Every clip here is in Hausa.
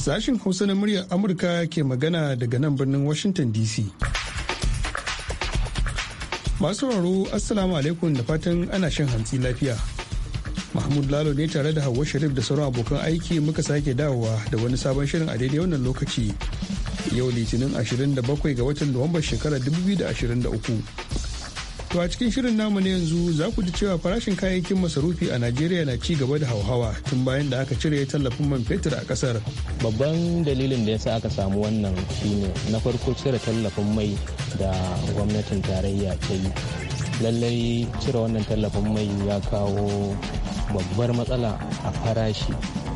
Sashen Hausa na muryar Amurka ke magana daga nan birnin Washington DC. Masu sauraro Assalamu alaikum da fatan ana shan hantsi lafiya. Mahmud Lalo ne tare da Hauwa Sharif da sauran abokan aiki muka sake dawowa da wani sabon shirin a daidai wannan lokaci. Yau Litinin 27 ga watan Nuwambar shekarar 2023. To a cikin shirin namu na yanzu za ku ji cewa farashin kayayyakin masarufi a Najeriya na ci gaba da hauhawa tun bayan da aka cire tallafin man fetur a kasar. Babban dalilin da ya sa aka samu wannan shine na farko cire tallafin mai da gwamnatin tarayya ta yi. Lallai cire wannan tallafin mai ya kawo babbar matsala a farashi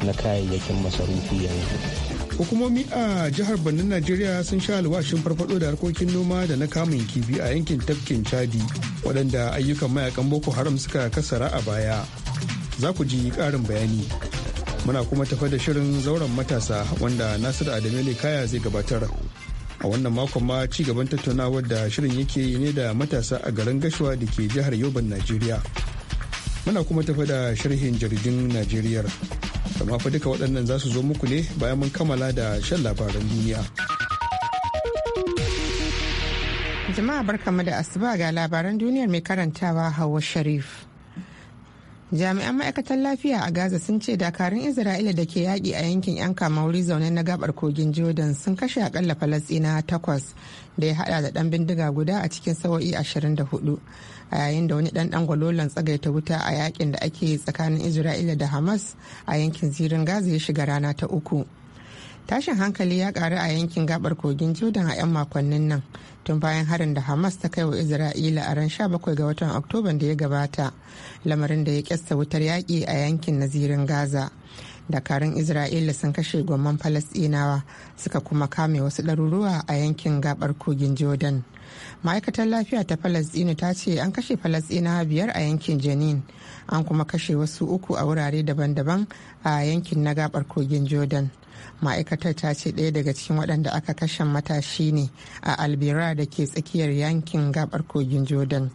na kayayyakin masarufi yanzu. hukumomi a jihar Bannin Najeriya sun sha alwashin farfado da harkokin noma da na kamun kifi a yankin tafkin Chadi waɗanda ayyukan mayakan Boko Haram suka kasara a baya. Za ku ji ƙarin bayani. Muna kuma tafa da shirin zauren matasa wanda Nasiru Adamele Kaya zai gabatar. A wannan makon ma ci gaban tattaunawar da shirin yake ne da matasa a garin Gashuwa da ke jihar Yoban Najeriya. Muna kuma tafa da sharhin jaridun Najeriya. kama fa duka waɗannan za su zo muku ne bayan mun kammala da shan labaran duniya. Jama'a barkamu da asuba ga labaran duniyar mai karantawa hawa Sharif. Jami'an ma'aikatar lafiya a Gaza sun ce dakarun Isra'ila da ke yaƙi a yankin 'yan kamauri zaune na gabar kogin Jordan sun kashe akalla falasina takwas da ya haɗa da ɗan bindiga guda a cikin sawa'i 24. a yayin da wani dan tsagai tsagaita wuta a yakin da ake tsakanin isra'ila da hamas a yankin zirin gaza ya shiga rana ta uku tashin hankali ya karu a yankin gabar kogin jordan a 'yan makonnin nan tun bayan harin da hamas ta kai wa isra'ila a ran sha bakwai ga watan oktoban da ya gabata lamarin da ya kyasta wutar yaƙi a yankin na zirin gaza dakarun isra'ila sun kashe gwamman falasɗinawa suka kuma kame wasu ɗaruruwa a yankin gabar kogin jordan ma'aikatar lafiya ta falasdino ta ce an kashe falasdinawa biyar a yankin janin an kuma kashe wasu uku a wurare daban-daban a yankin na gabar kogin jordan ma'aikatar ta ce ɗaya daga cikin waɗanda aka kashe matashi ne a albira da ke tsakiyar yankin gabar kogin jordan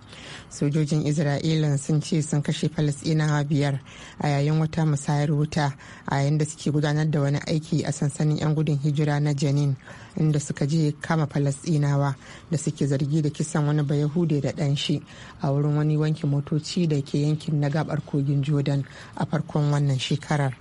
sojojin isra'ila sun ce sun kashe falasɗinawa biyar a yayin wata musayar wuta a yayin da suke gudanar da wani aiki a sansanin 'yan gudun hijira na janin inda suka je kama falasdinawa da suke zargi da kisan wani bayahude da ɗan shi a wurin wani wanki motoci da ke yankin na gabar kogin jordan a farkon wannan shekarar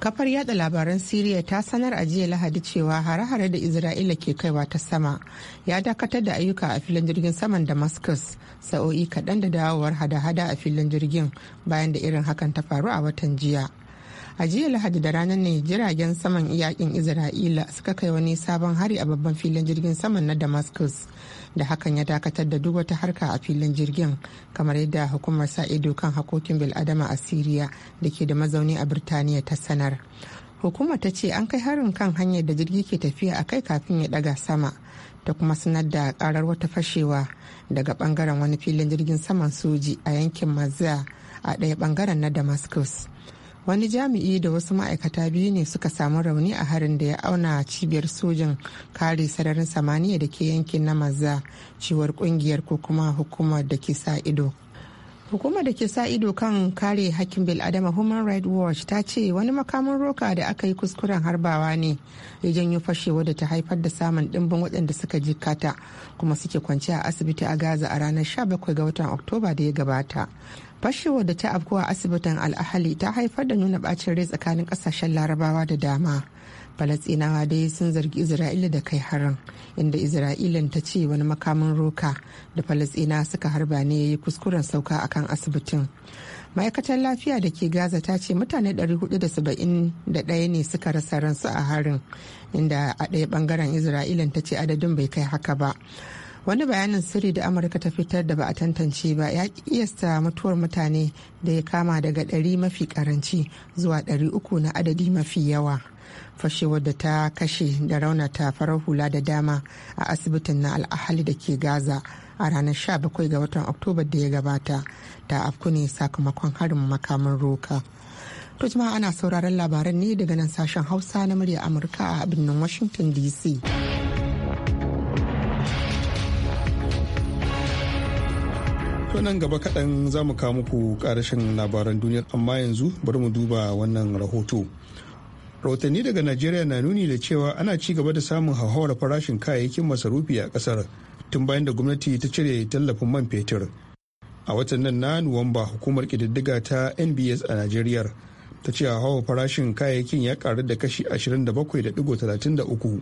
kafar yada labaran siriya ta sanar a jiya lahadi cewa hare-hare da isra'ila ke kaiwa ta sama ya dakatar da ayyuka a filin jirgin saman damascus sa'o'i kaɗan da dawowar hada-hada a filin jirgin bayan da irin hakan ta faru a watan jiya a jiya lahadi da ranar ne jiragen saman iyakin isra'ila suka kai wani sabon hari a babban filin jirgin saman na damascus da hakan ya dakatar da duk wata harka a filin jirgin kamar yadda hukumar sa ido kan hakokin bil'adama a siriya da ke da mazauni a birtaniya ta sanar hukumar ta ce an kai harin kan hanyar da jirgi ke tafiya a kai kafin ya daga sama ta kuma sanar da karar wata fashewa daga bangaren wani filin jirgin saman soji a yankin mazza a ɗaya bangaren na damascus wani jami'i da wasu ma'aikata biyu ne suka samu rauni a harin da ya auna cibiyar sojin kare sararin samaniya da ke yankin na maza cewar kungiyar ko kuma hukumar da ke sa ido hukumar da ke sa ido kan kare hakkin bil'adama human rights watch ta ce wani makamin roka da aka yi kuskuren harbawa ne ya janyo fashewa da ta haifar da samun dimbin waɗanda suka jikkata kuma suke kwance a asibiti a gaza a ranar 17 ga watan oktoba da ya gabata fashewar da ta afkuwa asibitin al'ahali ta haifar da nuna bacin rai tsakanin kasashen larabawa da dama falasinawa dai sun zargi isra'ila da kai harin inda isra'ilan ta ce wani makamin roka da falasina suka harba ne ya yi kuskuren sauka a kan asibitin ma'aikatar lafiya da ke gaza ta ce mutane 471 ne suka rasa ransu a harin inda a ɗaya bangaren isra'ilan ta ce adadin bai kai haka ba wani bayanin sirri da amurka ta fitar da ba a tantance ba ya kiyasta mutuwar mutane da ya kama daga 100 mafi karanci zuwa 300 na adadi mafi yawa fashewar da ta kashe da raunata farar hula da dama a asibitin na al'ahali da ke gaza a ranar 17 ga watan oktoba da ya gabata ta afku ne sakamakon harin makamin roka to jama'a ana sauraron labaran ne daga nan sashen hausa na murya amurka a birnin washington dc To nan gaba kaɗan za mu kawo muku ƙarashin labaran duniya amma yanzu bari mu duba wannan rahoto. rahotanni daga najeriya na nuni da cewa ana ci gaba da samun hauhawar farashin kayayyakin masarufi a kasar tun bayan da gwamnati ta cire tallafin man fetur a watan nan na nuwamba hukumar kididdiga ta nbs a najeriya ta ce hauhawar farashin kayayyakin ya karu da kashi 27.33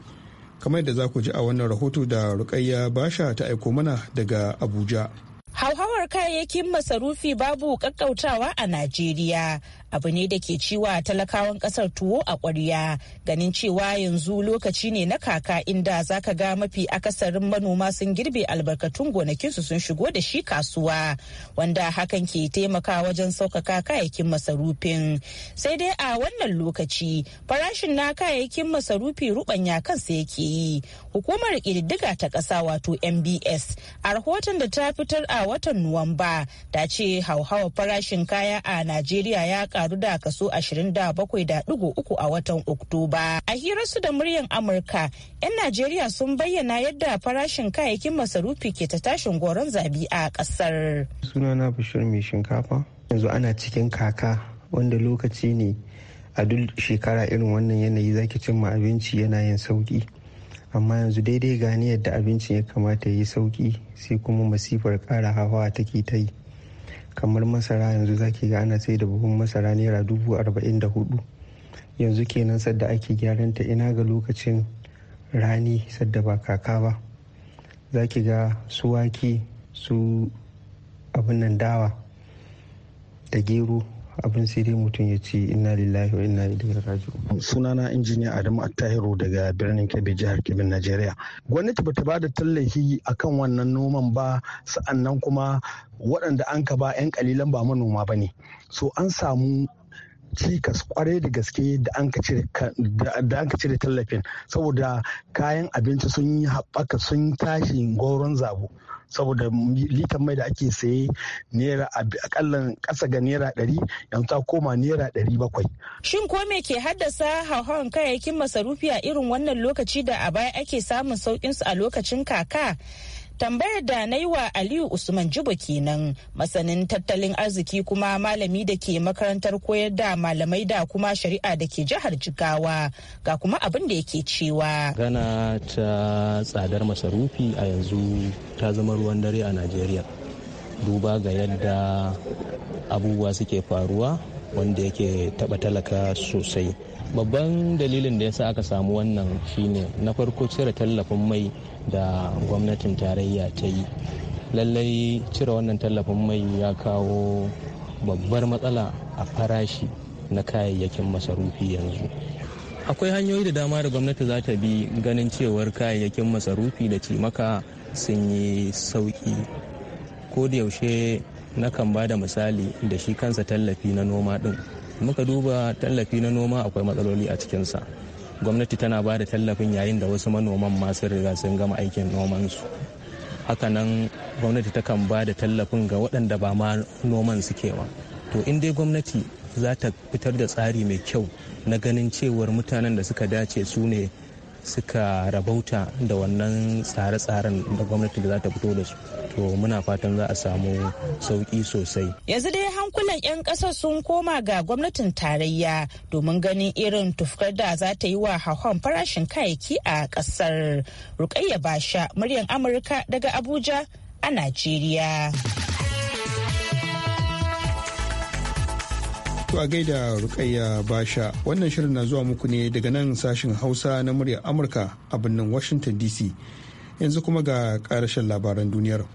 kamar yadda za ku ji a wannan rahoto da rukayya basha ta aiko mana daga abuja Hauhawar kayayyakin masarufi babu kakkautawa a Najeriya abu ne da ke ciwa talakawan kasar tuwo a ƙwarya ganin cewa yanzu lokaci ne na kaka inda za ka ga mafi akasarin manoma sun girbe albarkatun gonakinsu sun shigo da shi kasuwa wanda hakan ke taimaka wajen sauƙaƙa kayayyakin masarufin sai dai a wannan lokaci farashin na kayayyakin masarufi rubanya kansa yake yi hukumar ƙididdiga ta ƙasa wato mbs a rahoton da ta fitar a a watan Nuwamba ta ce hauhawar farashin kaya a Najeriya ya karu da kaso 27.3 a watan Oktoba. A hirarsu da muryar Amurka, 'yan Najeriya sun bayyana yadda farashin kayayyakin masarufi ke ta tashin goron zabi a ƙasar. Sunana Bashir mai shinkafa. Yanzu ana cikin kaka wanda lokaci ne a duk shekara irin wannan yanayi zaki cimma abinci yana yin sauki. amma yanzu daidai gani yadda abincin ya kamata ya yi sauki sai kuma masifar ƙara hawa take ta yi kamar masara yanzu zaki ga ana sai da buhun masara naira dubu arba'in da hudu yanzu kenan sadda ake gyaran ta ina ga lokacin rani sadda ba kaka ba za ki ga su wake su abin dawa da gero abin sai dai mutum ya ce inna lillahi wa inna ilaihi raji'un sunana injiniya adamu attahiru daga birnin kebbi jihar kebbi najeriya gwamnati bata ba da tallafi akan wannan noman ba sa'annan kuma waɗanda an ka ba 'yan kalilan ba manoma ba ne so an samu cikas kwarai da gaske da an ka cire tallafin saboda kayan abinci sun yi haɓaka sun tashi goron zabo saboda litan mai da ake saye naira akalla ƙasa ga naira ɗari yanzu ta koma naira ɗari bakwai. Shin ko me ke haddasa hauhawan kayayyakin masarufi a irin wannan lokaci da a baya ake samun su a lokacin kaka? Tambayar da na yi wa Aliyu Usman Jibo kenan masanin tattalin arziki kuma malami da ke makarantar koyar da malamai da kuma shari'a da ke jihar Jigawa ga kuma abin da yake cewa. Gana ta tsadar masarufi a yanzu ta zama ruwan dare a Najeriya. Duba ga yadda abubuwa suke faruwa wanda yake taba talaka sosai. Babban dalilin da ya sa aka samu wannan shine na farko cire tallafin mai da gwamnatin tarayya ta yi lallai cire wannan tallafin mai ya kawo babbar matsala a farashi na kayayyakin masarufi yanzu akwai hanyoyi da dama da gwamnati za ta bi ganin cewar kayayyakin masarufi da cimaka sun yi sauki ko da yaushe na kan ba da misali da shi kansa tallafi na noma din muka duba tallafi na noma akwai matsaloli a cikinsa gwamnati tana ba da tallafin yayin da wasu manoman masu riga sun gama aikin nomansu hakanan gwamnati takan ba da tallafin ga waɗanda ba ma noman suke ba to in dai gwamnati za ta fitar da tsari mai kyau na ganin cewar mutanen da suka dace su ne suka rabauta da wannan tsare-tsaren da gwamnati da za ta fito da su to muna fatan za a samu sauki sosai yanzu dai hankulan 'yan kasar sun koma ga gwamnatin tarayya domin ganin irin tufkar da za ta yi wa hauhan farashin kayayyaki a kasar rukayya basha muryan amurka daga abuja a najeriya To a gaida Rukayya Basha wannan shirin na zuwa muku ne daga nan sashin Hausa na muryar Amurka a birnin Washington DC. Yanzu kuma ga karashen labaran duniyar.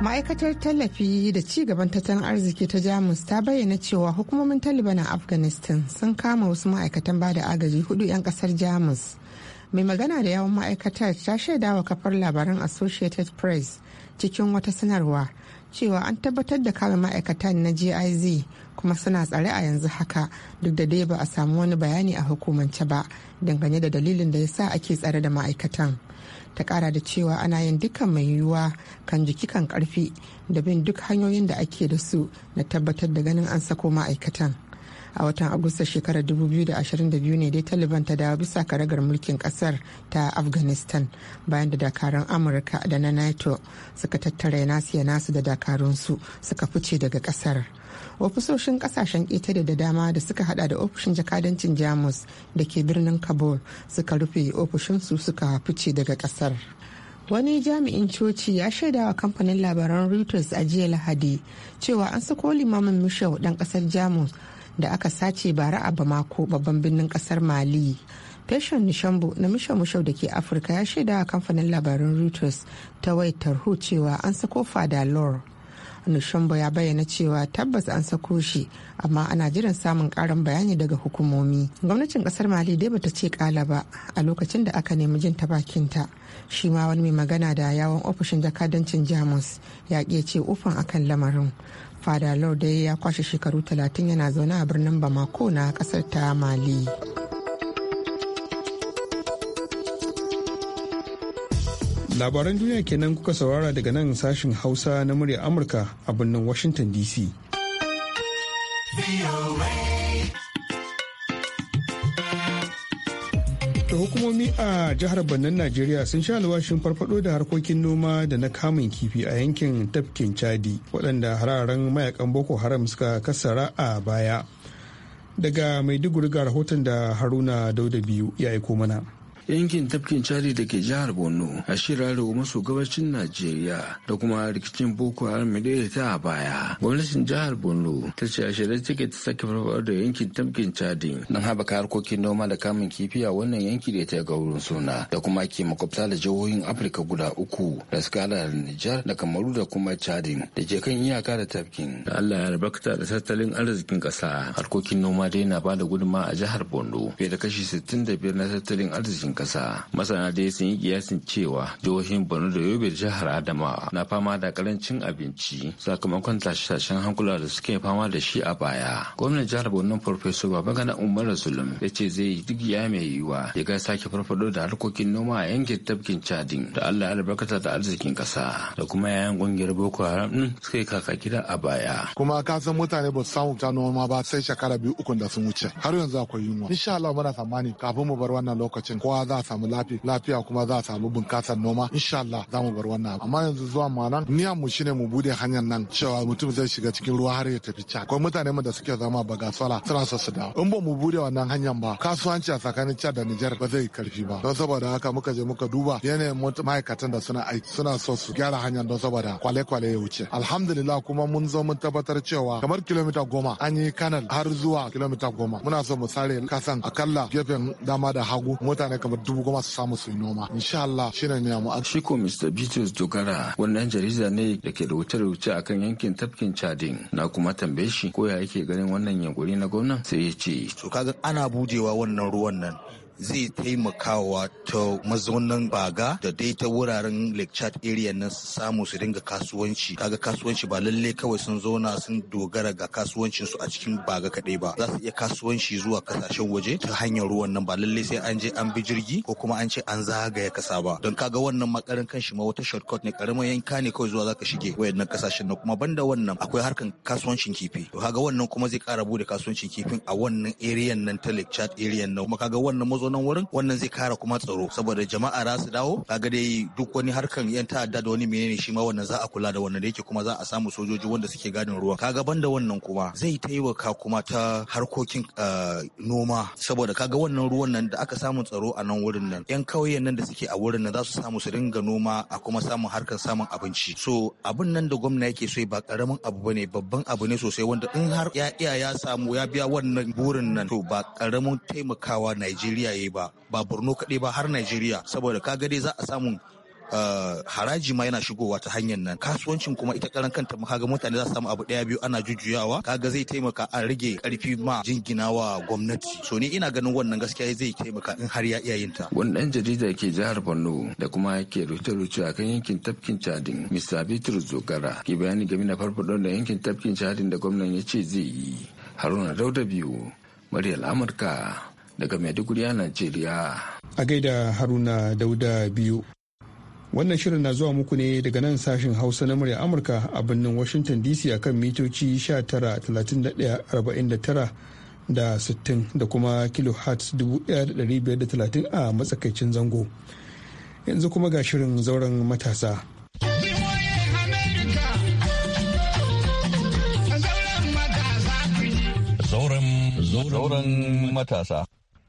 Ma'aikatar tallafi da ci gaban tattalin arziki ta Jamus ta bayyana cewa hukumomin Taliban a Afghanistan sun kama wasu ma'aikatan ba da agaji hudu 'yan kasar Jamus. Mai magana da yawan ma'aikatar ta shaidawa kafar labaran Associated Press cikin wata sanarwa cewa an tabbatar da kama ma'aikatan na giz kuma suna tsare a yanzu haka duk da dai ba a samu wani bayani a hukumance ba dangane da dalilin da ya sa ake tsare da ma'aikatan ta kara da cewa ana yin dukkan mai yiwuwa kan jiki kan karfi da bin duk hanyoyin da ake da su na tabbatar da ganin an sako ma'aikatan a watan agusta shekarar 2022 ne dai taliban ta dawo bisa karagar mulkin kasar ta afghanistan bayan da dakarun amurka da na nato suka tattara nasu ya nasu da dakarunsu suka fice daga kasar ofisoshin kasashen ƙetare da dama da suka hada da ofishin jakadancin jamus da ke birnin kabul suka rufe ofishinsu suka fice daga kasar wani jami'in coci ya shaida wa kamfanin labaran reuters a jiya lahadi cewa an sako limamin michel dan kasar jamus da aka sace bara a bamako babban birnin kasar mali peshon Nishambu na Mishan Mushau da ke Afirka ya shaida a kamfanin labarin Reuters ta wayar tarho cewa an sako Fada Lore. Nishambu ya bayyana cewa tabbas an sako shi amma ana jiran samun karin bayani daga hukumomi. Gwamnatin kasar Mali dai bata ce kala ba a lokacin da aka nemi jin ta Shi ma wani mai magana da yawon ofishin jakadancin Jamus ya ce ofan akan lamarin. fada dai ya kwashe shekaru 30 yana zaune a birnin bamako na kasar ta mali labaran duniya kenan kuka saurara daga nan sashin hausa na murya amurka a birnin washington dc to hukumomi a jihar bannan najeriya sun sha alwashin farfado da harkokin noma da na kamun kifi a yankin tafkin chadi waɗanda hararen mayakan boko haram suka kassara a baya daga maiduguri ga rahoton da haruna dauda biyu ya aiko mana yankin tafkin cari da ke jihar borno a shirarwa maso gabashin najeriya da kuma rikicin boko haram da ta a baya gwamnatin jihar borno ta ce a shirye take ta sake farfar da yankin tafkin cadi don haɓaka harkokin noma da kamun kifi a wannan yanki da ta wurin suna da kuma ke makwabta da jihohin afirka guda uku da suka da nijar da kamaru da kuma cadin da ke kan iyaka da tafkin da allah ya rabakta da tattalin arzikin ƙasa harkokin noma dai na ba da gudunmawa a jihar borno fiye da kashi sittin da biyar na tattalin arzikin arzikin ƙasa. Masana dai sun yi kiyasin cewa jihohin Borno da Yobe da jihar Adamawa na fama da karancin abinci sakamakon tashe-tashen hankula da suke fama da shi a baya. Gwamnan jihar Borno farfesu Babagana Umar Zulum ya ce zai yi duk ya mai yiwuwa ya ga sake farfado da harkokin noma a yankin tafkin Chadin da Allah ya albarkata da arzikin kasa da kuma yayan ƙungiyar Boko Haram din suka yi kaka gida a baya. Kuma ka san mutane ba su samu ta noma ba sai shekara biyu ukun da sun wuce har yanzu akwai yunwa. Insha Allah muna tsammani kafin mu bar wannan lokacin kowa za a samu lafiya kuma za a samu bunkasar noma insha Allah za mu bar wannan amma yanzu zuwa malam niyan mu shine mu bude hanyar nan cewa mutum zai shiga cikin ruwa har ya tafi Chad ko mutane mu da suke zama sala suna so su dawo in ba mu bude wannan hanyar ba kasuwanci a tsakanin Chad da Niger ba zai karfi ba don saboda haka muka je muka duba yanayin ma'aikatan da suna aiki suna so su gyara hanyar don saboda kwale-kwale ya wuce alhamdulillah kuma mun zo mun tabbatar cewa kamar kilomita goma an yi kanal har zuwa kilomita goma muna so mu sare kasan akalla gefen dama da hagu mutane kamar ba dubu goma su samu su yi noma insha Allah shi ne mu shi ko Mr Bitrus Dogara wannan jarida ne da ke rubuce-rubuce akan yankin tafkin Chadin na kuma tambaye shi ko ya yake ganin wannan yankuri na gwamnan sai ya ce to kaga ana bujewa wannan ruwan nan zai taimakawa ta mazaunan baga da dai ta wuraren lake chad area na samu su dinga kasuwanci kaga kasuwanci ba lalle kawai sun zauna sun dogara ga kasuwancin su a cikin baga kaɗai ba za su iya kasuwanci zuwa kasashen waje ta hanyar ruwan nan ba lalle sai an je an bi jirgi ko kuma an ce an zagaya kasa ba don kaga wannan makarin kanshi ma wata shortcut ne karamin yanka ne kawai zuwa zaka shige wayannan kasashen nan kuma banda wannan akwai harkan kasuwancin kifi to kaga wannan kuma zai kara bude kasuwancin kifin a wannan area nan ta lake chad area nan kuma kaga wannan mazo nan wurin wannan zai kara kuma tsaro saboda jama'a za su dawo kaga dai duk wani harkan yan ta'adda da wani menene shi ma wannan za a kula da wannan da yake kuma za a samu sojoji wanda suke gadin ruwa kaga banda wannan kuma zai taimaka kuma ta harkokin eh, noma saboda kaga wannan ruwan nan da aka samu tsaro a nan wurin nan yan kauyen nan da suke a wurin nan za su samu su ringa noma a kuma samun harkan samun abinci so abin nan da gwamna yake so ba karamin abu bane babban abu ne sosai wanda in har ya iya ya samu ya biya wannan burin nan to ba karamin taimakawa Najeriya kiyaye ba ba borno kaɗai ba har najeriya saboda kaga dai za a samu ah, haraji ma yana shigowa ta hanyar nan kasuwancin kuma ita karan kanta ma kaga mutane za su samu abu ɗaya biyu ana jujjuyawa kaga zai taimaka a rage karfi ma jinginawa gwamnati so ni ina ganin wannan gaskiya zai taimaka in har ya iya ta wani ɗan jarida ke jihar Borno da kuma yake rute a akan yankin tafkin Chadin Mr. Bitrus Zogara ke bayani game da farfadon da yankin tafkin Chadin da gwamnan ya ce zai yi Haruna Dauda biyu Muryar Amurka daga Maiduguri a Najeriya. A gaida Haruna Dauda biyu. Wannan shirin na zuwa muku ne daga nan sashen Hausa na murya Amurka a birnin Washington DC a kan mitoci 19,31,49 da 60 da kuma kilohertz 1,530 a matsakaicin zango. Yanzu kuma ga shirin zauren matasa. Zauren matasa.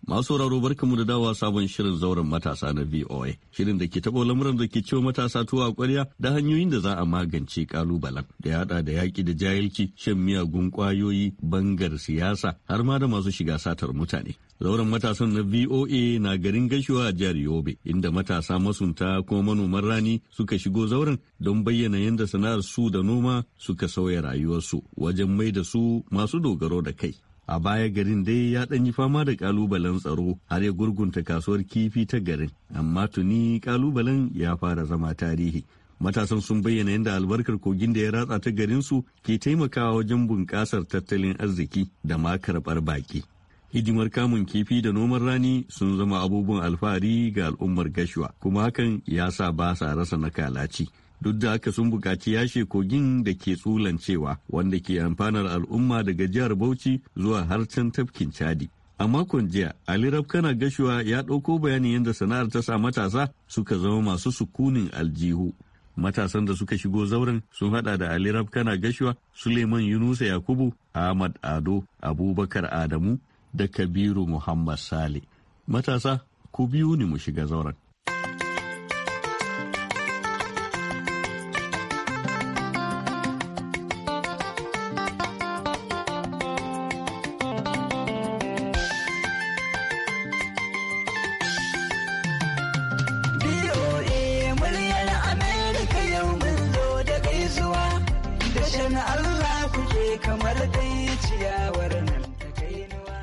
Masu sauraro barkamu da dawa sabon shirin zauren matasa na VOA. Shirin da ke taɓa lamuran da ke ciwo matasa tuwa kwarya da hanyoyin da za a magance ƙalubalen da ya haɗa da yaƙi da jahilci, shan miyagun ƙwayoyi, bangar siyasa, har ma da masu shiga satar mutane. Zauren matasan na VOA na garin gashuwa a jihar Yobe, inda matasa masunta ko manoman rani suka shigo zauren don bayyana yadda sana'ar su da noma suka sauya rayuwarsu wajen mai da su masu dogaro da kai. a baya garin dai ya ɗan fama da ƙalubalen tsaro har ya gurgunta kasuwar kifi ta garin amma tuni ƙalubalen ya fara zama tarihi matasan sun bayyana yadda albarkar kogin da ya ratsa ta garinsu ke taimakawa wajen bunƙasar tattalin arziki da ma karɓar baƙi hidimar kamun kifi da noman rani sun zama abubuwan alfahari ga al'ummar gashuwa kuma hakan ya sa ba sa rasa nakalaci duk da aka sun bukaci yashe kogin da ke tsulancewa wanda ke amfanar al'umma daga jihar Bauchi zuwa har can tafkin Chadi. A makon jiya, Ali rafkana Gashuwa ya ɗauko bayanin yadda sana'ar ta sa matasa suka zama masu sukunin aljihu. Matasan da suka shigo zauren sun hada da Ali rafkana Gashuwa, Suleiman Yunusa Yakubu, Ahmad Ado, Abubakar Adamu da Kabiru Muhammad Sale. Matasa, ku biyu ne mu shiga zauren. na Allah kamar dai nan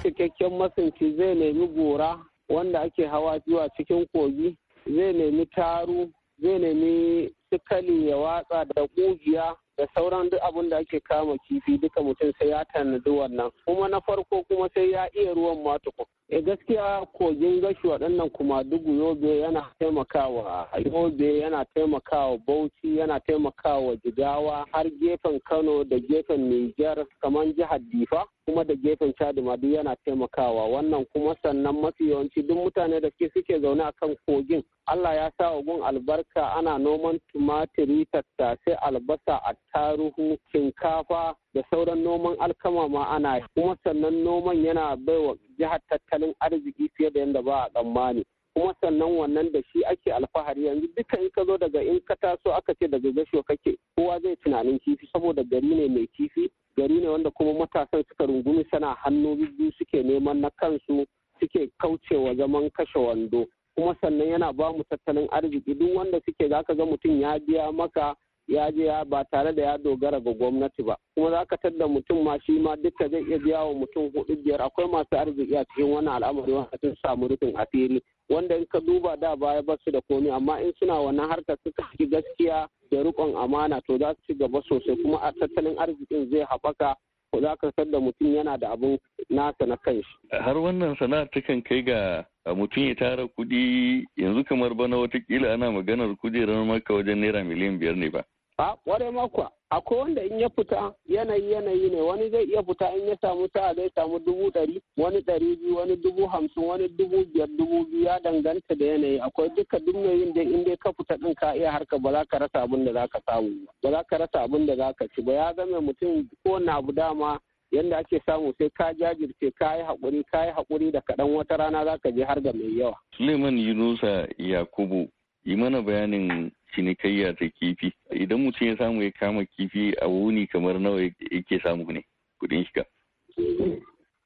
Cikakken masunci zai nemi gora wanda ake hawa zuwa cikin kogi, zai nemi taru, zai nemi sikali ya watsa da ƙugiya da sauran duk abin da ake kama kifi duka mutum sai ya tanadi wannan kuma na farko kuma sai ya iya ruwan matukun. e gaskiya kogin gashi waɗannan kuma dugu yobe yana taimakawa yobe yana taimakawa bauchi yana taimakawa jigawa har gefen kano da gefen niger kamar jihar difa kuma da gefen chadi duk yana taimakawa wannan kuma sannan mafi yawanci duk mutane da ke suke zaune a kan kogin allah ya sa gun albarka ana noman tumatiri tattasai albasa attaruhu shinkafa da sauran noman alkama ma ana kuma sannan noman yana baiwa jihar tattalin arziki fiye da yadda ba a tsammani kuma sannan wannan da shi ake alfahari yanzu duka in ka zo daga in ka taso aka ce daga gasho kake kowa zai tunanin kifi saboda gari ne mai kifi gari ne wanda kuma matasan suka rungumi sana hannu biyu suke neman na kansu suke kaucewa zaman kashe wando kuma sannan yana ba mu tattalin arziki duk wanda suke zaka ga mutum ya biya maka ya je ba tare da ya dogara ga gwamnati ba kuma za ka tadda mutum ma shi ma duka zai iya biya wa mutum hudu biyar akwai masu arziki a cikin wani al'amari wanda sun samu rufin asiri wanda in ka duba da baya ba su da komi amma in suna wannan harkar suka ci gaskiya da rikon amana to za su ci gaba sosai kuma a tattalin arzikin zai haɓaka ko za ka da mutum yana da abin nasa na kanshi. Har wannan sana'ar takan kai ga mutum ya tara kuɗi yanzu kamar bana watakila ana maganar kujerar maka wajen naira miliyan biyar ne ba. a kware makwa akwai wanda in ya fita yanayi yanayi ne wani zai iya fita in ya samu ta zai samu dubu ɗari wani ɗari biyu wani dubu hamsin wani dubu biyar dubu biyu ya danganta da yanayi akwai duka duk yin da in dai ka fita ɗin ka iya harka ba za ka rasa abin da za ka samu ba za ka rasa abin da za ka ci ba ya zama mutum ko na abu dama yanda ake samu sai ka jajirce ka yi haƙuri ka yi haƙuri da kaɗan wata rana za ka je har ga mai yawa. Suleiman Yunusa Yakubu yi mana bayanin cinikayya ta kifi idan mutum ya samu ya kama kifi a wuni kamar nawa yake samu ne kudin shiga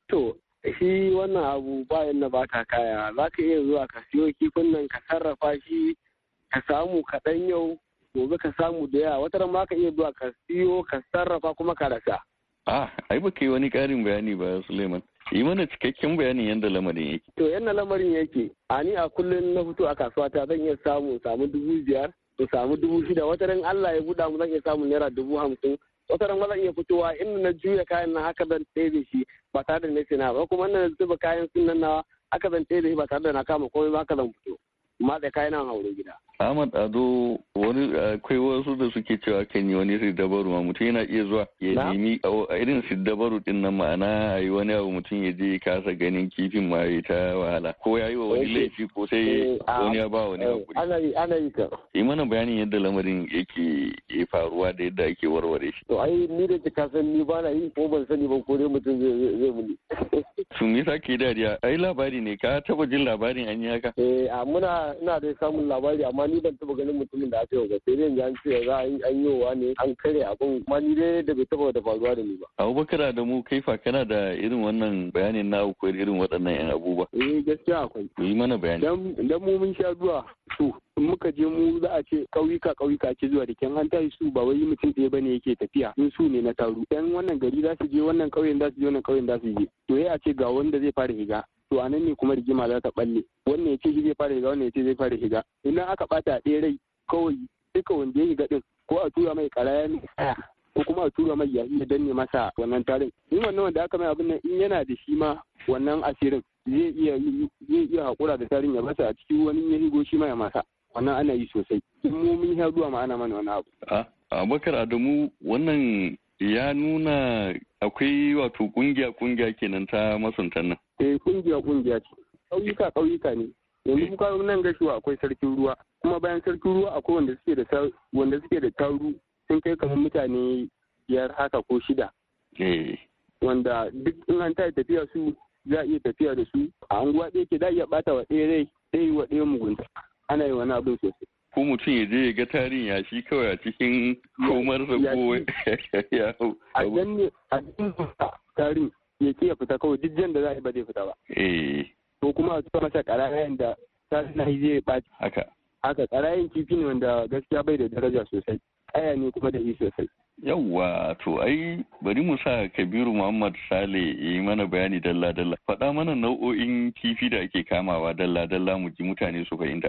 to shi wannan abu bayan na baka kaya za ka iya zuwa ka siyo kifin nan ka sarrafa shi ka samu kaɗan yau gobe ka samu da yawa wata ma ka iya zuwa ka siyo ka sarrafa kuma ka rasa ah ai ba yi wani ƙarin bayani ba suleiman yi mana cikakken bayanin yadda lamarin yake. To yadda lamarin yake, a ni a kullum na fito a kasuwa ta zan iya samu samu dubu biyar su samu dubu shida wata ran Allah ya buɗa mu zan iya samun naira dubu hamsin wata ran zan iya fitowa inda na juya kayan na haka zan tsere shi ba tare da na ba kuma na zuba kayan sunan na nawa haka zan tsere shi ba tare da na kama komai ba haka zan fito. matsa kayan haure gida. Ahmad Ado wani akwai wasu da suke cewa kan yi wani siddabaru ma mutum yana iya zuwa ya nemi irin siddabaru din nan ma'ana a yi wani abu mutum ya je kasa ganin kifin ma ya ta wahala ko ya yi wa wani eh, laifi ko sai eh, wani ya ba wani eh, hakuri. Ana yi ana yi ka. Yi mana bayanin yadda lamarin yake faruwa da yadda ake warware shi. To ai ni da ka san ni ba na yi ko ban sani ba ko dai mutum zai zai muni. Sun yi sake dariya? Ai labari ne ka taba jin labarin an yi haka? Eh a muna ina da samun labari amma ni ban taba ganin mutumin da aka yi wa sai dai an ce za an yi wa ne an kare abin amma ni dai da bai taba da faruwa da ni ba. Abubakar da mu kaifa kana da irin wannan bayanin na ko irin waɗannan yan abubuwa. Eh gaskiya akwai. Ku yi mana bayani. Dan mu mun sha zuwa su muka je mu za a ce ƙauyuka ƙauyuka ce zuwa da kyan an tashi su ba wai mutum ɗaya bane yake tafiya in su ne na taru. Dan wannan gari za su je wannan ƙauyen za su je wannan ƙauyen za su je. To ya a ce ga wanda zai fara higa to a nan ne kuma rigima za ta balle wannan ya ce shi zai fara higa wannan ya ce zai fara higa idan aka bata a ɗaya rai kawai duka wanda ya higa din ko a tura mai karaya ne ko kuma a tura mai yayi ya danne masa wannan tarin in wannan wanda aka mai abin nan in yana da shi ma wannan asirin zai iya zai iya hakura da tarin ya masa a cikin wani ya higo shi ma ya masa wannan ana yi sosai in mu mun sha zuwa ma ana mana wani abu. Ah, Abubakar Adamu wannan ya nuna akwai wato kungiya-kungiya kenan ta masuntan nan. Eh kungiya-kungiya ce. Ƙauyuka ƙauyuka ne. Yanzu kuka nan gashuwa akwai sarkin ruwa. Kuma bayan sarkin ruwa akwai wanda suke da wanda suke da taru sun kai kamar mutane biyar haka ko shida. Eh. Wanda duk in an ta tafiya su za a iya tafiya da su a anguwa ɗaya ke da iya ɓata wa ɗaya rai ɗaya wa ɗaya mugunta. Ana yi wani abin sosai. ko mutum ya je ya ga tarin yashi kawai a cikin komar da ya hau. A janye a cikin tarin ya ke ya fita kawai duk da za a yi ba zai fita ba. Ko eh. kuma a zuwa masa karayen da tarin na zai ɓaci. Haka. Haka kifi ne wanda gaskiya bai da daraja sosai. Aya ne kuma da yi sosai. Yawwa to ai bari mu sa Kabiru Muhammad Sale yi mana bayani dalla dalla. Faɗa mana nau'o'in kifi da ake kamawa dalla dalla mu ji mutane su fahimta.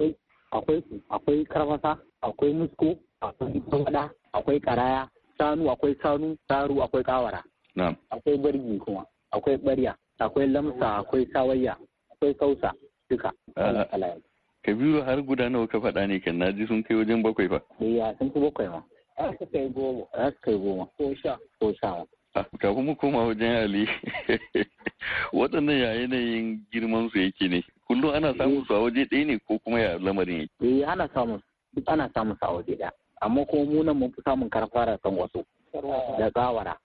Eh, akwai akwai karfasa akwai musko. akwai tawada akwai karaya shanu akwai shanu saru akwai kawara akwai bargi kuma akwai barya akwai lamsa akwai sawayya akwai kausa duka ah, ah. kabiru har guda nawa ka faɗa ne kan naji sun kai wajen bakwai fa eh, ya sun fi bakwai ma har su kai goma su kai goma ko sha ko sha ah, kafin mu koma wajen ali waɗannan ya yanayin girman su yake ne kullum ana samun su a waje ɗaya ne ko kuma ya lamarin yake eh ana samun ana samun su a waje ɗaya amma ko mu nan mun fi samun karfara san wasu da tsawara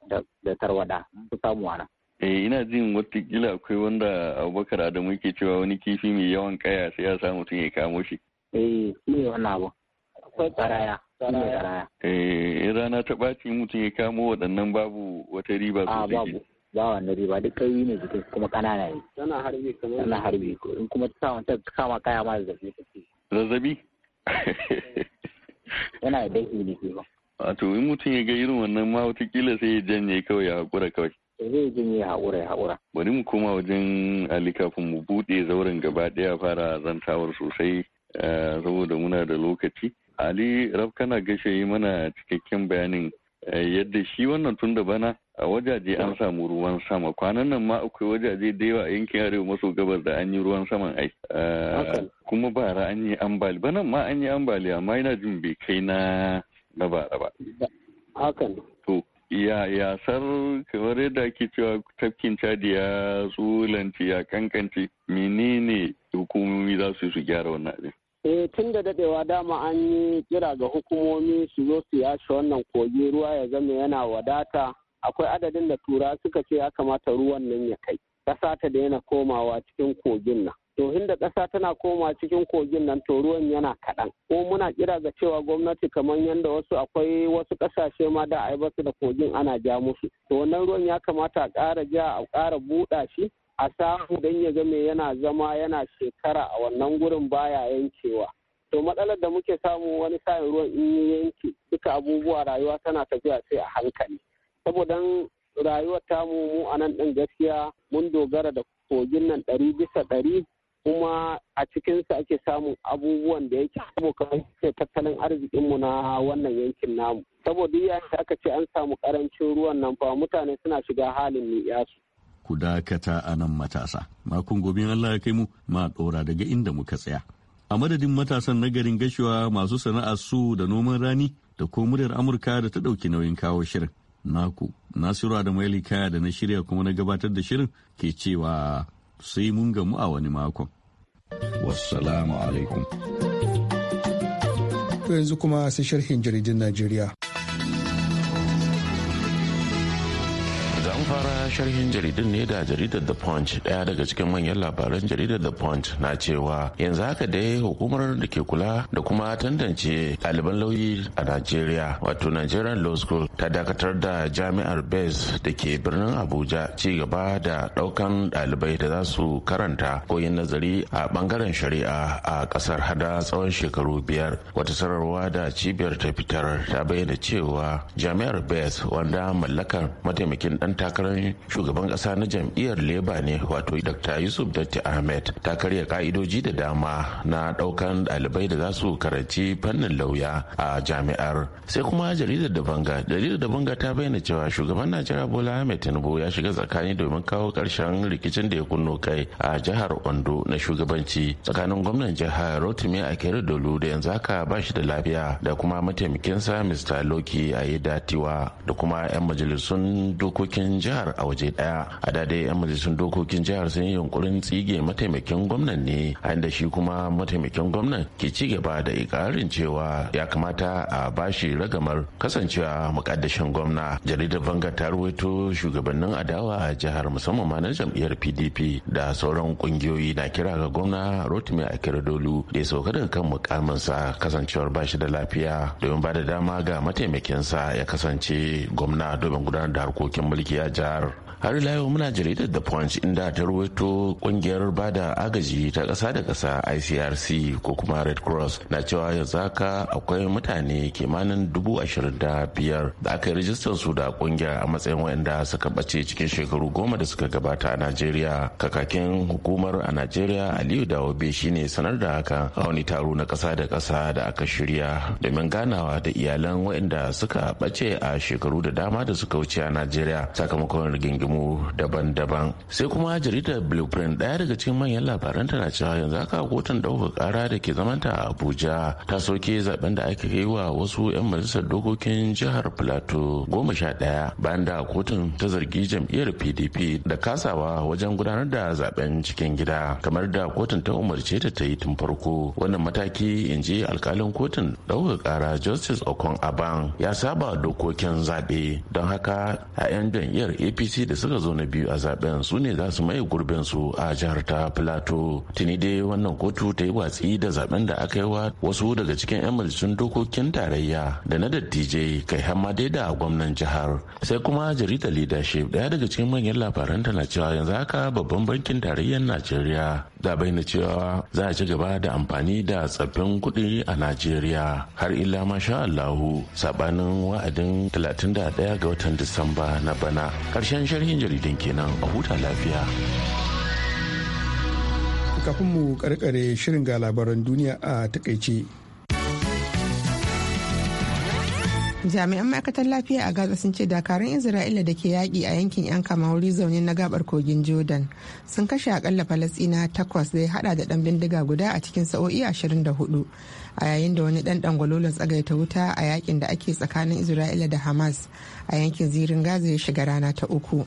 da tarwada mun fi samu ana eh ina jin watakila akwai wanda abubakar adamu yake cewa wani kifi mai yawan kaya sai ya samu mutum ya kamo shi eh shi ne wannan abu akwai karaya Eh, rana ta ɓaci mutum ya kamo waɗannan babu wata riba sosai. babu, ba wannan ba duk kai ne jikin kuma kanana ne tana harbi kamar tana harbi in kuma ta samu ta kama kaya ma zazzabi zazzabi yana da dai ne ke ba wato in mutum ya ga irin wannan ma watakila sai ya janye kawai ya haƙura kawai zai janye ya haƙura ya haƙura bari mu koma wajen ali kafin mu buɗe zauren gaba ɗaya fara zantawar sosai eh, saboda muna da lokaci ali rab kana gashe mana cikakken bayanin Eh, yadda shi wannan tun da bana a wajaje an samu ruwan sama kwanan nan ma akwai wajaje da yawa a yankin arewa maso gabas da an yi ruwan saman ai eh, kuma bara an yi ambali banan ma an yi ambali amma yana jin bai kai na na bara ba hakan to ya sar kamar yadda ake cewa tafkin Chadi ya tsulanci ya kankanci menene hukumomi za su yi su gyara wannan abin eh tun da dadewa dama an yi kira ga hukumomi su zo su yashe wannan kogi ruwa ya zama yana wadata akwai adadin da tura suka ce ya kamata ruwan nan ya kai ƙasa ta daina komawa cikin kogin nan to inda ƙasa tana koma cikin kogin nan to ruwan yana kaɗan ko muna kira ga cewa gwamnati kamar yadda wasu akwai wasu ƙasashe ma da ai basu da kogin ana ja musu to wannan ruwan ya kamata a ƙara ja a ƙara buɗa shi a samu don ya game yana zama yana shekara a wannan gurin baya yankewa to matsalar da muke samu wani sa'in ruwan in yanki duka abubuwa rayuwa tana tafiya sai a hankali saboda rayuwar ta mu a nan ɗin gaskiya mun dogara da kogin nan ɗari bisa ɗari kuma a cikinsa ake samun abubuwan da yake abokan tattalin arzikinmu na wannan yankin namu saboda yayin da aka ce an samu ƙarancin ruwan nan fa mutane suna shiga halin ni'yasu ku dakata a nan matasa. Makon gobe Allah ya kai mu ma ɗora daga inda muka tsaya. A madadin matasan na garin gashiwa masu sana'a su da noman rani da ko muryar Amurka da ta ɗauki nauyin kawo shirin. Naku, Nasiru da Kaya da na shirya kuma na gabatar da shirin ke cewa sai mun gamu a wani makon. Wassalamu alaikum. yanzu kuma sai sharhin jaridun Najeriya. an fara sharhin jaridun ne da jaridar The Punch daya daga cikin manyan labaran jaridar The Punch na cewa yanzu haka dai hukumar da ke kula da kuma tantance ɗaliban lauyi a Najeriya wato Nigerian Law School ta dakatar da jami'ar Bez da ke birnin Abuja ci gaba da ɗaukan ɗalibai da za su karanta ko nazari a ɓangaren shari'a a ƙasar hada tsawon shekaru biyar wata sararwa da cibiyar ta fitar ta bayyana cewa jami'ar Bez wanda mallakar mataimakin ɗan takarar shugaban kasa na jam'iyyar leba ne wato dr yusuf datti ahmed ta karya ka'idoji da dama na daukan dalibai da za su karanci fannin lauya a jami'ar sai kuma jaridar da banga jaridar da banga ta bayyana cewa shugaban najeriya bola ahmed tinubu ya shiga tsakani domin kawo karshen rikicin da ya kunno kai a jihar ondo na shugabanci tsakanin gwamnan jihar rotimi akere dolu da yanzu haka ba shi da lafiya da kuma mataimakinsa mr loki a yi datiwa da kuma 'yan majalisun dokokin jihar a waje daya a dade yan majalisun dokokin jihar sun yi yunkurin tsige mataimakin gwamnan ne a inda shi kuma mataimakin gwamnan ke ci gaba da ikarin cewa ya kamata a bashi ragamar kasancewa mukaddashin gwamna jaridar banga ta ruwaito shugabannin adawa a jihar musamman ma na jam'iyyar pdp da sauran kungiyoyi na kira ga gwamna rotimi akiradolu da ya sauka daga kan mukaminsa kasancewar bashi da lafiya domin ba da dama ga mataimakinsa ya kasance gwamna domin gudanar da harkokin mulki a Najjar har ila yau muna jaridar da punch inda ta ruwaito kungiyar bada agaji ta kasa da kasa icrc ko kuma red cross na cewa yanzu haka akwai mutane kimanin dubu ashirin da biyar da aka yi rijistar su da kungiyar a matsayin wayanda suka bace cikin shekaru goma da suka gabata a najeriya kakakin hukumar a najeriya aliyu dawobe shine sanar da haka a wani taro na kasa da kasa da aka shirya domin ganawa da iyalan wayanda suka bace a shekaru da dama da suka wuce a najeriya sakamakon rigingimu mu daban-daban sai kuma jaridar blueprint ɗaya daga cikin manyan labaran tana cewa yanzu aka kotun ɗaukar ƙara da ke zamanta a abuja ta soke zaben da aka kai wa wasu 'yan majalisar dokokin jihar plateau goma sha ɗaya bayan da kotun ta zargi jam'iyyar pdp da kasawa wajen gudanar da zaben cikin gida kamar da kotun ta umarce ta ta yi tun farko wannan mataki in ji alkalin kotun ɗaukar ƙara justice okon aban ya saba dokokin zaɓe don haka a 'yan jam'iyyar apc da suka zo na biyu a zaben su ne za su maye gurbin su a jihar ta Plateau. Tuni dai wannan kotu ta yi watsi da zaben da aka yi wa wasu daga cikin 'yan majalisun dokokin tarayya da na dattijai kai hamma dai da gwamnan jihar. Sai kuma jaridar leadership daya daga cikin manyan labaran tana cewa yanzu haka babban bankin tarayyar Najeriya da bayyana cewa za a ci gaba da amfani da tsaffin kuɗi a Najeriya har illa masha Allahu sabanin wa'adin 31 ga watan Disamba na bana. Karshen sharhi manyan jaridan kenan a huta lafiya. Kafin mu karkare shirin ga labaran duniya a takaice. jami'an ma'aikatar lafiya a gaza sun ce dakarun isra'ila da ke yaƙi a yankin 'yan kamauri zaune na gabar kogin jordan sun kashe akalla falasina takwas zai hada da ɗan bindiga guda a cikin sa'o'i 24 a yayin da wani ɗan dangwalolin tsagaita wuta a yakin da ake tsakanin isra'ila da hamas a yankin zirin gaza ya shiga rana ta uku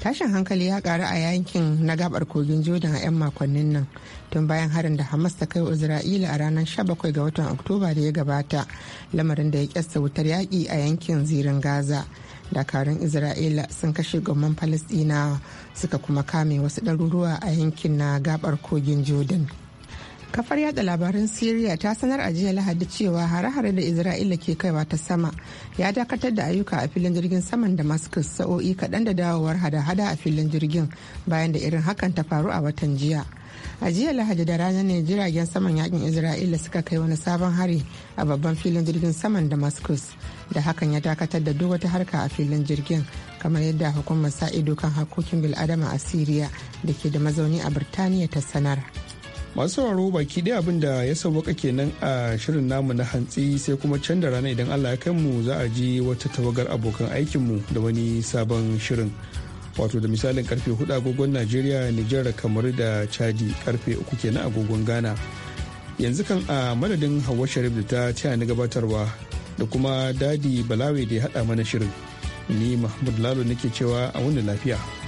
tashin hankali ya karu a yankin na gabar kogin jordan a 'yan makonnin nan tun bayan harin da hamas ta kai wa isra'ila a ranar 17 ga watan oktoba da ya gabata lamarin da ya kyasta wutar yaƙi a yankin zirin gaza dakarun isra'ila sun kashe gomman palestina suka kuma kame wasu ɗaruruwa a yankin na gabar kogin jordan kafar yada labaran syria ta sanar a jiya lahadi cewa hare-hare da isra'ila ke kaiwa ta sama ya dakatar da ayyuka a filin jirgin saman damascus sa'o'i kaɗan da dawowar hada-hada a filin jirgin bayan da irin hakan ta faru a watan jiya a jiya lahadi da ranar ne jiragen saman yakin isra'ila suka kai wani sabon hari a babban filin jirgin saman damascus da hakan ya dakatar da duk wata harka a filin jirgin kamar yadda hukumar sa kan harkokin bil'adama a syria da ke da mazauni a birtaniya ta sanar masu sauraro baki ɗaya abin da ya sauwaka kenan a shirin namu na hantsi sai kuma can da rana idan allah ya kai mu za a ji wata tawagar abokan aikinmu da wani sabon shirin wato da misalin karfe 4 agogon najeriya nijar kamar da chadi karfe 3 kenan agogon ghana yanzu kan a madadin hawa sharif da ta taya ni gabatarwa da kuma dadi balawe da ya haɗa mana shirin ni mahmud lalo nake cewa a wani lafiya